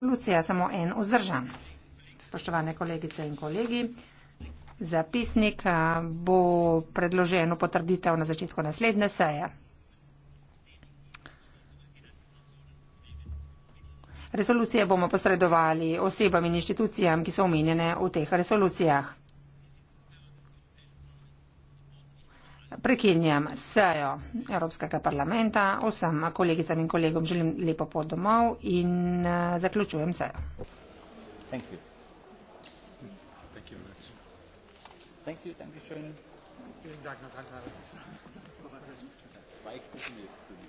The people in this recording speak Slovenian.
Lucija samo en vzdržan. Spoštovane kolegice in kolegi, zapisnik bo predloženo potrditev na začetku naslednje seje. Resolucije bomo posredovali osebam in inštitucijam, ki so omenjene v teh resolucijah. Prekinjam sejo Evropskega parlamenta. Vsem kolegicam in kolegom želim lepo pot domov in eh, zaključujem sejo. Thank you. Thank you Thank you, thank you schön. Vielen Dank, Herr Kanzler. Zwei Küchen jetzt für mich.